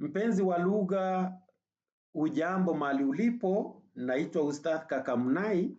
Mpenzi wa lugha, ujambo mahali ulipo? Naitwa Ustadh Kakamnai,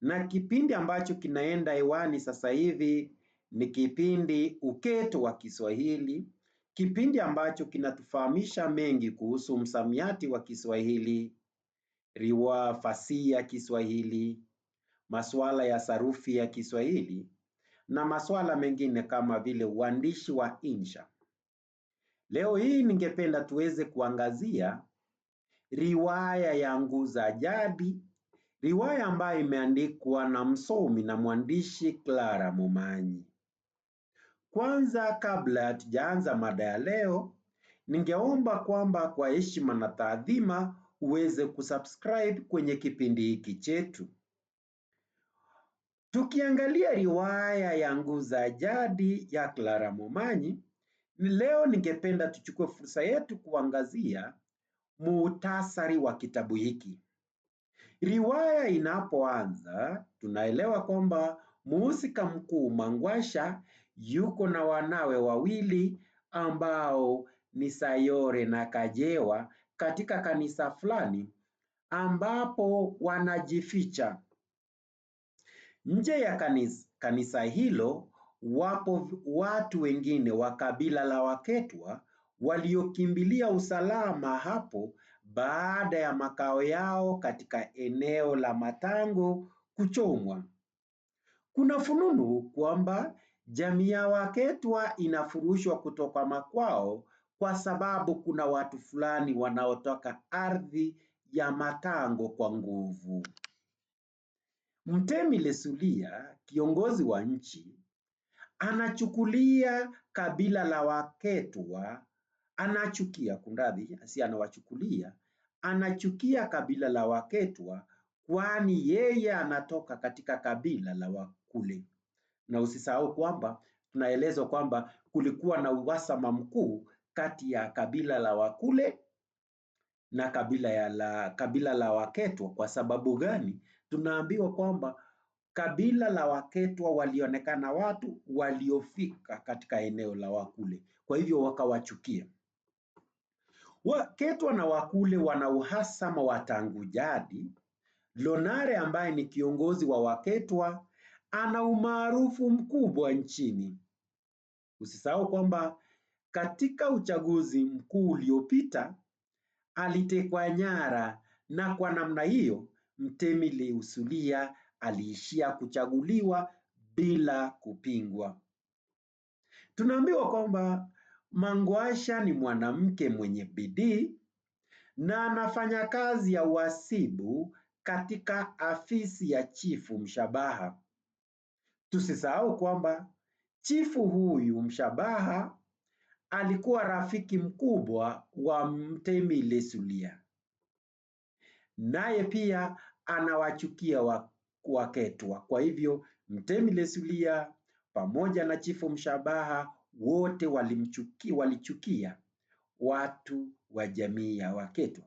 na kipindi ambacho kinaenda hewani sasa hivi ni kipindi Uketo wa Kiswahili, kipindi ambacho kinatufahamisha mengi kuhusu msamiati wa Kiswahili, riwa fasihi ya Kiswahili, masuala ya sarufi ya Kiswahili na masuala mengine kama vile uandishi wa insha. Leo hii ningependa tuweze kuangazia riwaya ya Nguu za Jadi, riwaya ambayo imeandikwa na msomi na mwandishi Clara Momanyi. Kwanza, kabla hatujaanza mada ya leo, ningeomba kwamba kwa heshima na taadhima uweze kusubscribe kwenye kipindi hiki chetu. Tukiangalia riwaya ya Nguu za Jadi ya Clara Momanyi, Leo ningependa tuchukue fursa yetu kuangazia muhtasari wa kitabu hiki. Riwaya inapoanza, tunaelewa kwamba muusika mkuu Mangwasha yuko na wanawe wawili ambao ni Sayore na Kajewa katika kanisa fulani ambapo wanajificha. Nje ya kanisa, kanisa hilo Wapo watu wengine wa kabila la Waketwa waliokimbilia usalama hapo baada ya makao yao katika eneo la Matango kuchomwa. Kuna fununu kwamba jamii ya Waketwa inafurushwa kutoka makwao kwa sababu kuna watu fulani wanaotoka ardhi ya Matango kwa nguvu. Mtemi Lesulia, kiongozi wa nchi, anachukulia kabila la Waketwa, anachukia kundadhi, si anawachukulia, anachukia kabila la Waketwa, kwani yeye anatoka katika kabila la Wakule. Na usisahau kwamba tunaelezwa kwamba kulikuwa na uhasama mkuu kati ya kabila la Wakule na kabila ya la, kabila la Waketwa. Kwa sababu gani? Tunaambiwa kwamba Kabila la Waketwa walionekana watu waliofika katika eneo la Wakule, kwa hivyo wakawachukia. Waketwa na Wakule wana uhasama wa tangu jadi. Lonare ambaye ni kiongozi wa Waketwa ana umaarufu mkubwa nchini. Usisahau kwamba katika uchaguzi mkuu uliopita alitekwa nyara, na kwa namna hiyo Mtemi Leusulia aliishia kuchaguliwa bila kupingwa. Tunaambiwa kwamba Mangwasha ni mwanamke mwenye bidii na anafanya kazi ya uhasibu katika afisi ya chifu Mshabaha. Tusisahau kwamba chifu huyu Mshabaha alikuwa rafiki mkubwa wa Mtemi Lesulia, naye pia anawachukia wa waketwa Kwa hivyo Mtemi Lesulia pamoja na Chifu Mshabaha wote walimchuki, walichukia watu wa jamii ya Waketwa.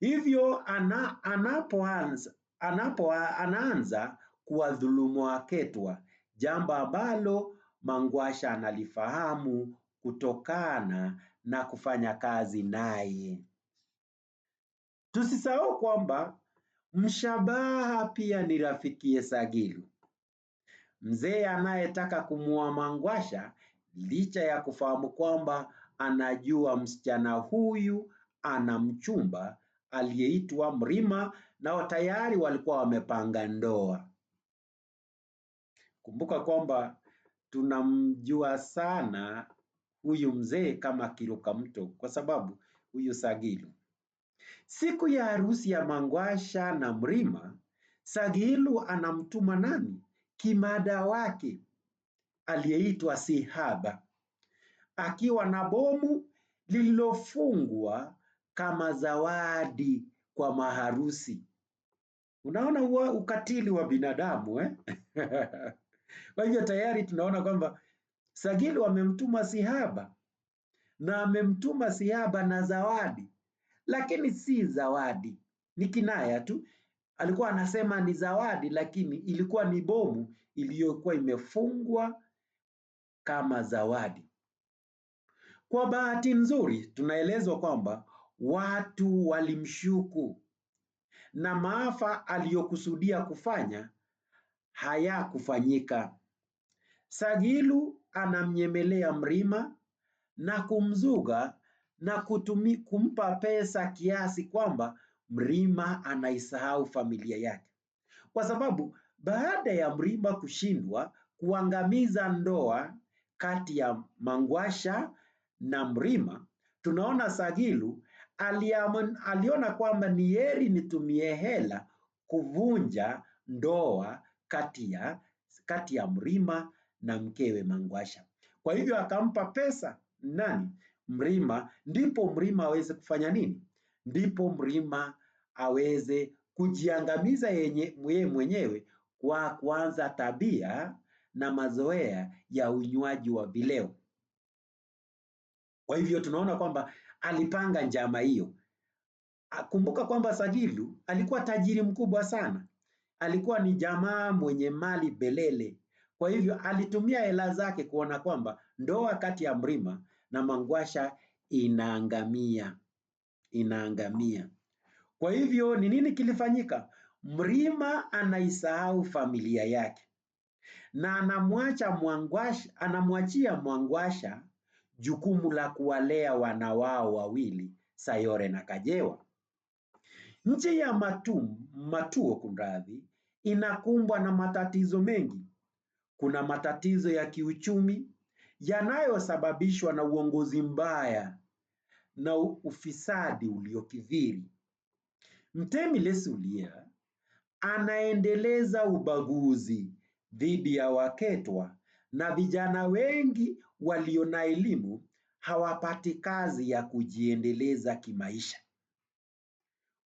Hivyo ana, anapoanza anapo, anaanza kuwadhulumu Waketwa, jambo ambalo Mangwasha analifahamu kutokana na kufanya kazi naye. Tusisahau kwamba Mshabaha pia ni rafiki ya Sagilu mzee anayetaka kumua Mangwasha licha ya kufahamu kwamba anajua msichana huyu ana mchumba aliyeitwa Mrima nao tayari walikuwa wamepanga ndoa. Kumbuka kwamba tunamjua sana huyu mzee kama kiruka mto, kwa sababu huyu Sagilu Siku ya harusi ya Mangwasha na Mrima, Sagilu anamtuma nani? Kimada wake aliyeitwa Sihaba akiwa na bomu lililofungwa kama zawadi kwa maharusi. Unaona huo ukatili wa binadamu eh? Kwa hivyo tayari tunaona kwamba Sagilu amemtuma Sihaba na amemtuma Sihaba na zawadi lakini si zawadi, ni kinaya tu. Alikuwa anasema ni zawadi, lakini ilikuwa ni bomu iliyokuwa imefungwa kama zawadi. Kwa bahati nzuri, tunaelezwa kwamba watu walimshuku na maafa aliyokusudia kufanya hayakufanyika. Sagilu anamnyemelea Mrima na kumzuga na kutumi, kumpa pesa kiasi kwamba Mrima anaisahau familia yake, kwa sababu baada ya Mrima kushindwa kuangamiza ndoa kati ya Mangwasha na Mrima, tunaona Sagilu aliaman, aliona kwamba ni heri nitumie hela kuvunja ndoa kati ya kati ya Mrima na mkewe Mangwasha. Kwa hivyo akampa pesa nani? mlima, ndipo mlima aweze kufanya nini? Ndipo mlima aweze kujiangamiza yeye mwenyewe kwa kuanza tabia na mazoea ya unywaji wa vileo. Kwa hivyo tunaona kwamba alipanga njama hiyo. Kumbuka kwamba Sagilu alikuwa tajiri mkubwa sana, alikuwa ni jamaa mwenye mali belele. Kwa hivyo alitumia hela zake kuona kwamba ndoa kati ya Mrima na mangwasha inaangamia, inaangamia. Kwa hivyo ni nini kilifanyika? Mrima anaisahau familia yake na anamwacha Mwangwasha, anamwachia Mwangwasha jukumu la kuwalea wana wao wawili Sayore na Kajewa. Nchi ya Matum, Matuo kunradhi, inakumbwa na matatizo mengi. Kuna matatizo ya kiuchumi, yanayosababishwa na uongozi mbaya na ufisadi uliokithiri. Mtemi Lesulia anaendeleza ubaguzi dhidi ya waketwa na vijana wengi walio na elimu hawapati kazi ya kujiendeleza kimaisha.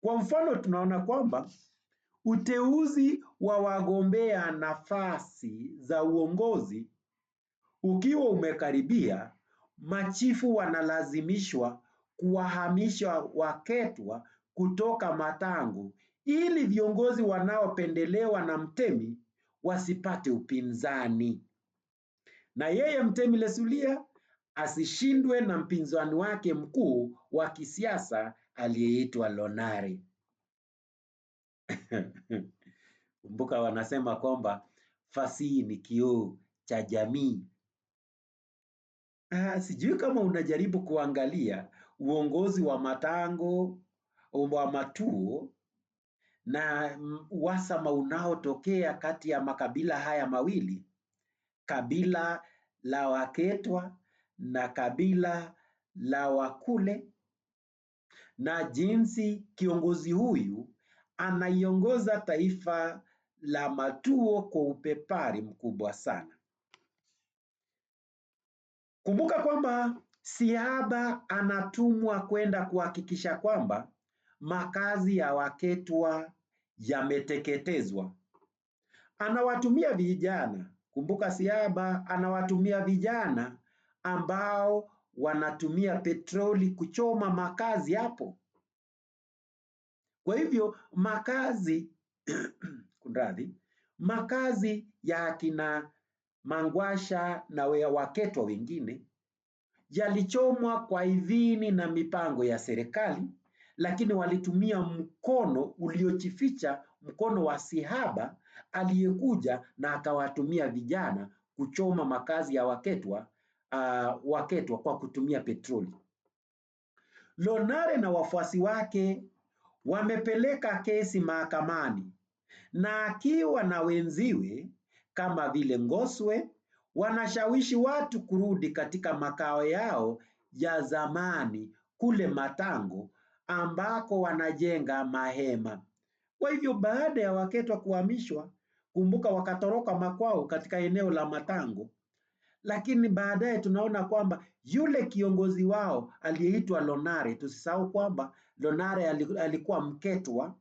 Kwa mfano, tunaona kwamba uteuzi wa wagombea nafasi za uongozi ukiwa umekaribia, machifu wanalazimishwa kuwahamisha waketwa kutoka matango ili viongozi wanaopendelewa na mtemi wasipate upinzani, na yeye mtemi Lesulia asishindwe na mpinzani wake mkuu wa kisiasa aliyeitwa Lonare. Kumbuka wanasema kwamba fasihi ni kioo cha jamii Uh, sijui kama unajaribu kuangalia uongozi wa matango wa matuo na mm, uhasama unaotokea kati ya makabila haya mawili, kabila la Waketwa na kabila la Wakule, na jinsi kiongozi huyu anaiongoza taifa la Matuo kwa upepari mkubwa sana. Kumbuka kwamba Siaba anatumwa kwenda kuhakikisha kwamba makazi ya Waketwa yameteketezwa. Anawatumia vijana, kumbuka Siaba anawatumia vijana ambao wanatumia petroli kuchoma makazi hapo. Kwa hivyo makazi kunradhi, makazi ya akina Mangwasha na waketwa wengine yalichomwa kwa idhini na mipango ya serikali, lakini walitumia mkono uliojificha, mkono wa Sihaba aliyekuja na akawatumia vijana kuchoma makazi ya waketwa, uh, waketwa kwa kutumia petroli. Lonare na wafuasi wake wamepeleka kesi mahakamani na akiwa na wenziwe kama vile Ngoswe wanashawishi watu kurudi katika makao yao ya zamani kule Matango ambako wanajenga mahema. Kwa hivyo baada ya Waketwa kuhamishwa, kumbuka wakatoroka makwao katika eneo la Matango, lakini baadaye tunaona kwamba yule kiongozi wao aliyeitwa Lonare, tusisahau kwamba Lonare alikuwa Mketwa,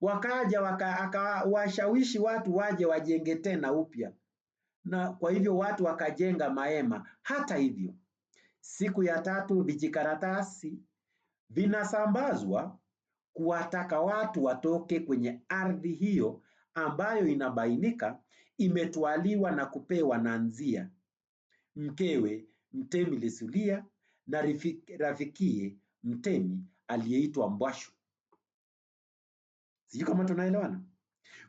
wakaja waka, akawashawishi watu waje wajenge tena upya, na kwa hivyo watu wakajenga mahema. Hata hivyo, siku ya tatu vijikaratasi vinasambazwa kuwataka watu watoke kwenye ardhi hiyo ambayo inabainika imetwaliwa na kupewa na Nzia mkewe Mtemi Lesulia na rafikie Mtemi aliyeitwa Mbwashu. Sijui kama tunaelewana.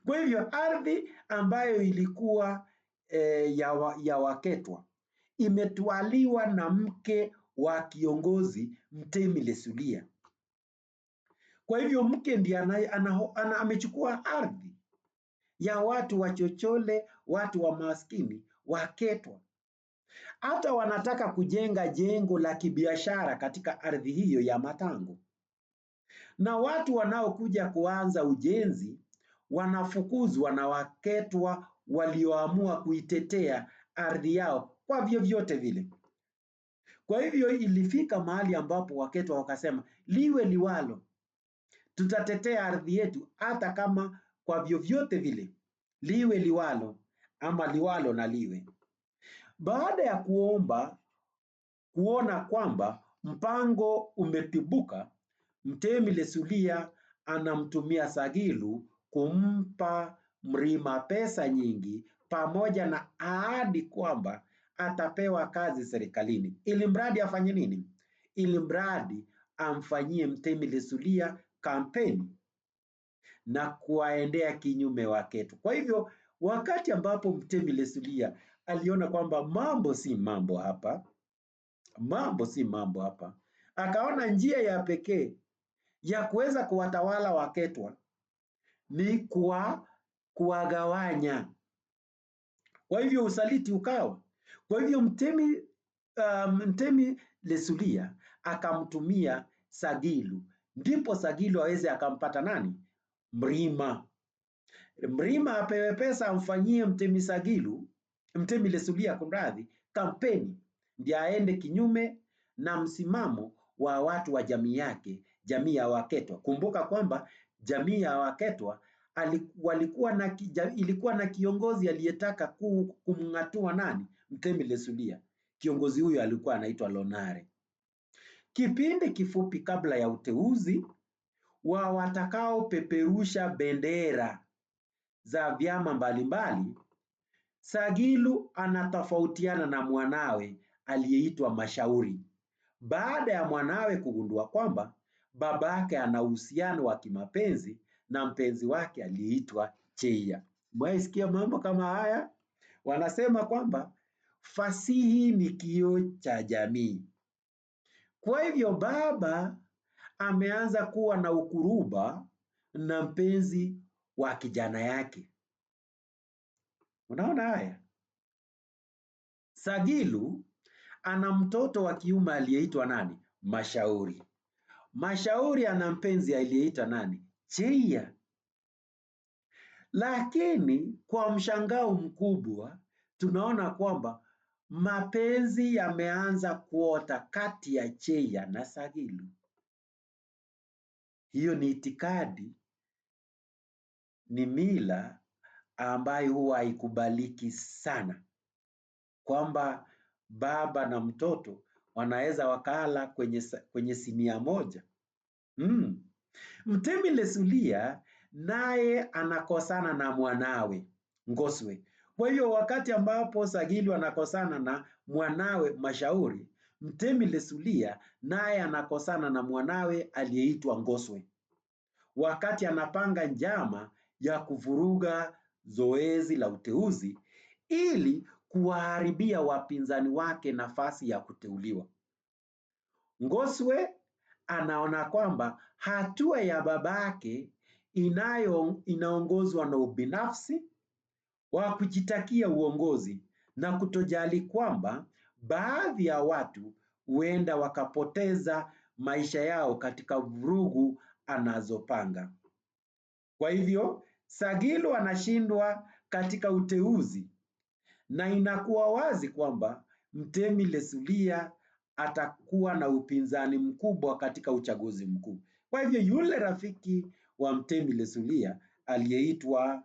Kwa hivyo ardhi ambayo ilikuwa e, ya, ya Waketwa imetwaliwa na mke wa kiongozi Mtemi Lesulia. Kwa hivyo mke ndiye amechukua ardhi ya watu wachochole, watu wa maskini, Waketwa. Hata wanataka kujenga jengo la kibiashara katika ardhi hiyo ya Matango na watu wanaokuja kuanza ujenzi wanafukuzwa na waketwa walioamua kuitetea ardhi yao kwa vyovyote vile. Kwa hivyo ilifika mahali ambapo waketwa wakasema, liwe liwalo, tutatetea ardhi yetu hata kama kwa vyovyote vile, liwe liwalo ama liwalo na liwe. Baada ya kuomba kuona kwamba mpango umetibuka, Mtemi Lesulia anamtumia Sagilu kumpa Mrima pesa nyingi pamoja na ahadi kwamba atapewa kazi serikalini. Ili mradi afanye nini? Ili mradi amfanyie Mtemi Lesulia kampeni na kuwaendea kinyume waketu. Kwa hivyo wakati ambapo Mtemi Lesulia aliona kwamba mambo si mambo hapa, mambo si mambo hapa, akaona njia ya pekee ya kuweza kuwatawala waketwa ni kwa kuwagawanya. Kwa hivyo usaliti ukawa. Kwa hivyo mtemi, um, mtemi Lesulia akamtumia Sagilu, ndipo Sagilu aweze akampata nani? Mrima. Mrima apewe pesa amfanyie mtemi Sagilu, mtemi Lesulia kumradhi, kampeni, ndio aende kinyume na msimamo wa watu wa jamii yake jamii ya Waketwa. Kumbuka kwamba jamii ya Waketwa walikuwa na, ilikuwa na kiongozi aliyetaka kumng'atua nani? Mtemi Lesulia. Kiongozi huyo alikuwa anaitwa Lonare. Kipindi kifupi kabla ya uteuzi wa watakaopeperusha bendera za vyama mbalimbali, Sagilu anatofautiana na mwanawe aliyeitwa Mashauri baada ya mwanawe kugundua kwamba babake ana uhusiano wa kimapenzi na mpenzi wake aliyeitwa Cheia. Mwaisikia mambo kama haya? Wanasema kwamba fasihi ni kio cha jamii. Kwa hivyo baba ameanza kuwa na ukuruba na mpenzi wa kijana yake. Unaona haya? Sagilu ana mtoto wa kiume aliyeitwa nani? Mashauri. Mashauri ana mpenzi aliyeita nani? Cheia. Lakini kwa mshangao mkubwa tunaona kwamba mapenzi yameanza kuota kati ya Cheia na Sagilu. Hiyo ni itikadi, ni mila ambayo huwa haikubaliki sana, kwamba baba na mtoto wanaweza wakala kwenye, kwenye sinia moja Mm. Mtemi Lesulia naye anakosana na mwanawe Ngoswe. Kwa hiyo wakati ambapo Sagili anakosana na mwanawe Mashauri, Mtemi Lesulia naye anakosana na mwanawe aliyeitwa Ngoswe wakati anapanga njama ya kuvuruga zoezi la uteuzi ili kuwaharibia wapinzani wake nafasi ya kuteuliwa. Ngoswe anaona kwamba hatua ya babake inayo inaongozwa na ubinafsi wa kujitakia uongozi na kutojali kwamba baadhi ya watu huenda wakapoteza maisha yao katika vurugu anazopanga. Kwa hivyo Sagilu anashindwa katika uteuzi na inakuwa wazi kwamba Mtemi Lesulia atakuwa na upinzani mkubwa katika uchaguzi mkuu. Kwa hivyo yule rafiki wa Mtemi Lesulia aliyeitwa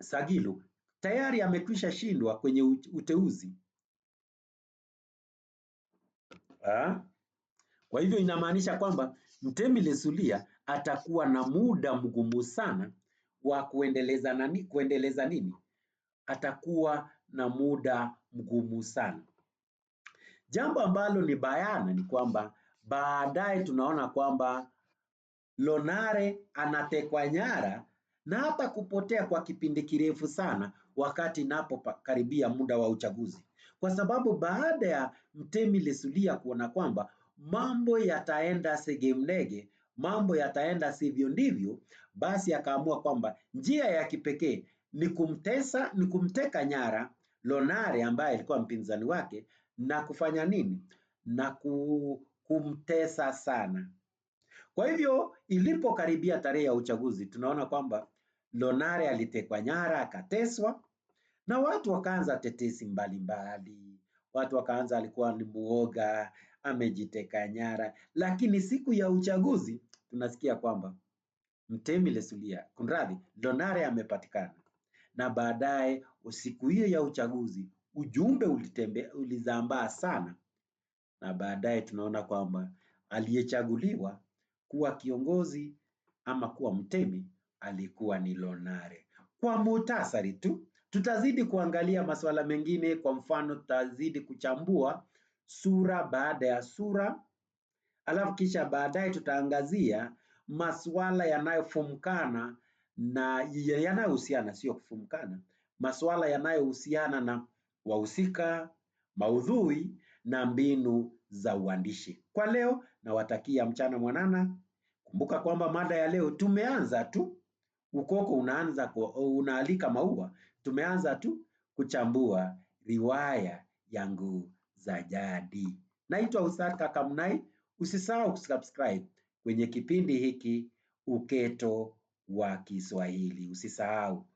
Sagilu tayari amekwisha shindwa kwenye uteuzi ha? Kwa hivyo inamaanisha kwamba Mtemi Lesulia atakuwa na muda mgumu sana wa kuendeleza nani, kuendeleza nini? Atakuwa na muda mgumu sana. Jambo ambalo ni bayana ni kwamba baadaye tunaona kwamba Lonare anatekwa nyara na hata kupotea kwa kipindi kirefu sana wakati inapokaribia muda wa uchaguzi, kwa sababu baada ya Mtemi Lesulia kuona kwamba mambo yataenda segemnege, mambo yataenda sivyo ndivyo, basi akaamua kwamba njia ya kipekee ni kumtesa, ni kumteka nyara Lonare ambaye alikuwa mpinzani wake na kufanya nini? Na kumtesa sana. Kwa hivyo ilipokaribia tarehe ya uchaguzi, tunaona kwamba Lonare alitekwa nyara, akateswa na watu wakaanza tetesi mbalimbali mbali. Watu wakaanza alikuwa ni muoga, amejiteka nyara, lakini siku ya uchaguzi tunasikia kwamba Mtemi Lesulia, kunradhi, Lonare amepatikana na baadaye siku hiyo ya uchaguzi ujumbe ulitembe, ulizambaa sana, na baadaye tunaona kwamba aliyechaguliwa kuwa kiongozi ama kuwa mtemi alikuwa ni Lonare. Kwa muhtasari tu, tutazidi kuangalia masuala mengine. Kwa mfano, tutazidi kuchambua sura baada ya sura, alafu kisha baadaye tutaangazia masuala yanayofumkana na yanayohusiana, sio kufumkana, masuala yanayohusiana na wahusika, maudhui na mbinu za uandishi. Kwa leo nawatakia mchana mwanana. Kumbuka kwamba mada ya leo tumeanza tu, ukoko unaanza unaalika maua. Tumeanza tu kuchambua riwaya ya Nguu za Jadi. Naitwa usaka kamnai Usisahau kusubscribe kwenye kipindi hiki Uketo wa Kiswahili. Usisahau.